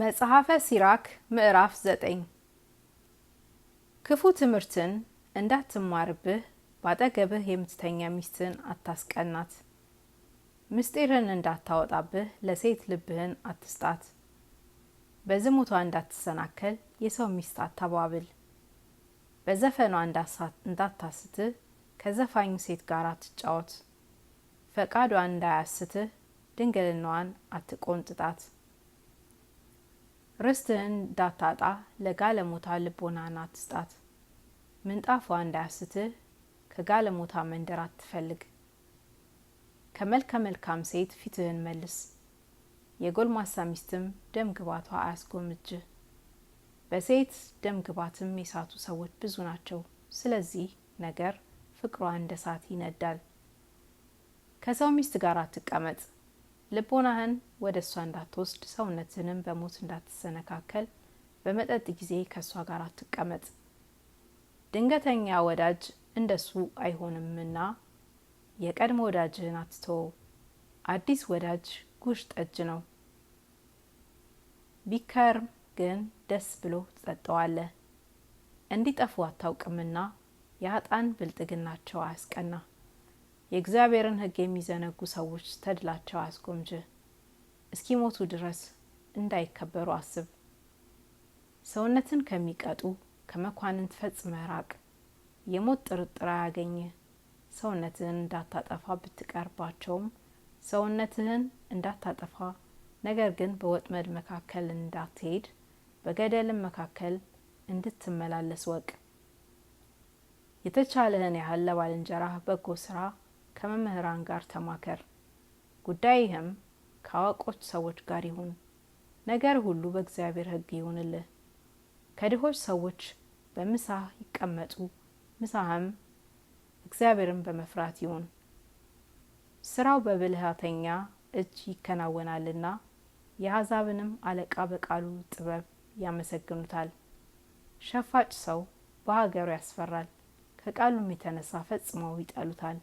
መጽሐፈ ሲራክ ምዕራፍ ዘጠኝ ክፉ ትምህርትን እንዳትማርብህ ባጠገብህ የምትተኛ ሚስትን አታስቀናት። ምስጢርን እንዳታወጣብህ ለሴት ልብህን አትስጣት። በዝሙቷ እንዳትሰናከል የሰው ሚስት አታባብል። በዘፈኗ እንዳታስትህ ከዘፋኝ ሴት ጋር አትጫወት። ፈቃዷን እንዳያስትህ ድንግልናዋን አትቆንጥጣት። ርስትህን እንዳታጣ ለጋለሞታ ልቦናን አትስጣት። ምንጣፏ እንዳያስትህ ከጋለሞታ መንደር አትፈልግ። ከመልከ መልካም ሴት ፊትህን መልስ፣ የጎልማሳ ሚስትም ደም ግባቷ አያስጎምጅህ። በሴት ደም ግባትም የሳቱ ሰዎች ብዙ ናቸው። ስለዚህ ነገር ፍቅሯ እንደ እሳት ይነዳል። ከሰው ሚስት ጋር አትቀመጥ። ልቦናህን ወደ እሷ እንዳትወስድ፣ ሰውነትንም በሞት እንዳትሰነካከል፣ በመጠጥ ጊዜ ከእሷ ጋር አትቀመጥ። ድንገተኛ ወዳጅ እንደሱ አይሆንምና የቀድሞ ወዳጅህን አትቶ አዲስ ወዳጅ ጉሽ ጠጅ ነው፣ ቢከርም ግን ደስ ብሎ ትጠጣዋለህ። እንዲጠፉ አታውቅምና የአጣን ብልጥግናቸው አያስቀና። የእግዚአብሔርን ህግ የሚዘነጉ ሰዎች ተድላቸው አስጎምጅ። እስኪሞቱ ድረስ እንዳይከበሩ አስብ። ሰውነትን ከሚቀጡ ከመኳንንት ፈጽመ ራቅ። የሞት ጥርጥር አያገኝ። ሰውነትህን እንዳታጠፋ ብትቀርባቸውም ሰውነትህን እንዳታጠፋ ነገር ግን በወጥመድ መካከል እንዳትሄድ በገደልም መካከል እንድትመላለስ ወቅ። የተቻለህን ያህል ለባልንጀራህ በጎ ስራ ከመምህራን ጋር ተማከር፣ ጉዳይህም ከአዋቆች ሰዎች ጋር ይሁን። ነገር ሁሉ በእግዚአብሔር ሕግ ይሁንልህ። ከድሆች ሰዎች በምሳህ ይቀመጡ፣ ምሳህም እግዚአብሔርን በመፍራት ይሁን። ስራው በብልሃተኛ እጅ ይከናወናልና የአሕዛብንም አለቃ በቃሉ ጥበብ ያመሰግኑታል። ሸፋጭ ሰው በሀገሩ ያስፈራል፣ ከቃሉም የተነሳ ፈጽመው ይጠሉታል።